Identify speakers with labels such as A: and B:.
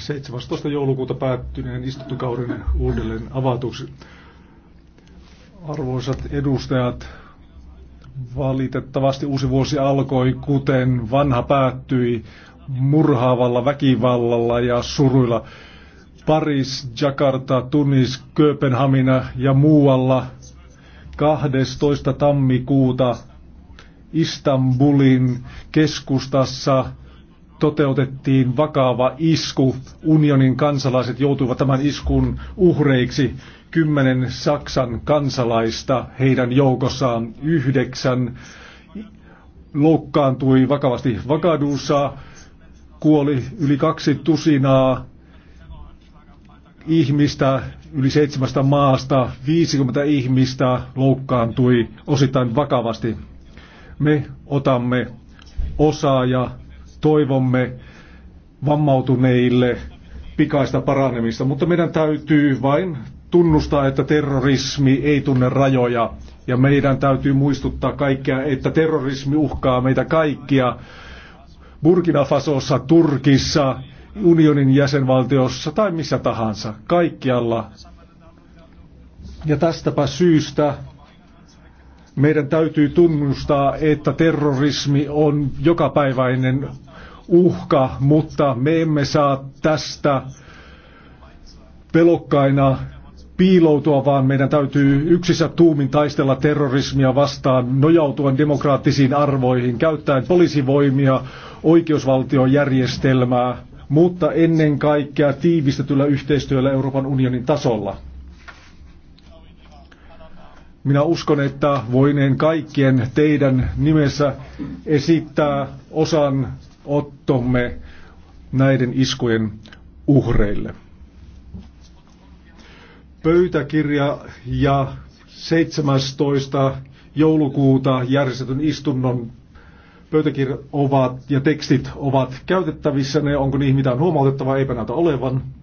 A: 17. joulukuuta päättyneen istuntokauden uudelleen avatuksi. Arvoisat edustajat, valitettavasti uusi vuosi alkoi, kuten vanha päättyi, murhaavalla väkivallalla ja suruilla. Paris, Jakarta, Tunis, Kööpenhamina ja muualla 12. tammikuuta Istanbulin keskustassa toteutettiin vakava isku. Unionin kansalaiset joutuivat tämän iskun uhreiksi. Kymmenen Saksan kansalaista heidän joukossaan yhdeksän loukkaantui vakavasti Vakaduussa, kuoli yli kaksi tusinaa ihmistä yli seitsemästä maasta, 50 ihmistä loukkaantui osittain vakavasti. Me otamme osaa ja Toivomme vammautuneille pikaista paranemista, mutta meidän täytyy vain tunnustaa, että terrorismi ei tunne rajoja. Ja meidän täytyy muistuttaa kaikkea, että terrorismi uhkaa meitä kaikkia. Burkina Fasossa, Turkissa, unionin jäsenvaltiossa tai missä tahansa, kaikkialla. Ja tästäpä syystä meidän täytyy tunnustaa, että terrorismi on jokapäiväinen uhka, mutta me emme saa tästä pelokkaina piiloutua, vaan meidän täytyy yksissä tuumin taistella terrorismia vastaan, nojautuen demokraattisiin arvoihin, käyttäen poliisivoimia, oikeusvaltiojärjestelmää, mutta ennen kaikkea tiivistetyllä yhteistyöllä Euroopan unionin tasolla. Minä uskon, että voineen kaikkien teidän nimessä esittää osan ottomme näiden iskujen uhreille. Pöytäkirja ja 17. joulukuuta järjestetyn istunnon pöytäkirjat ovat ja tekstit ovat käytettävissä. Ne, onko niihin mitään huomautettavaa, eipä näytä olevan.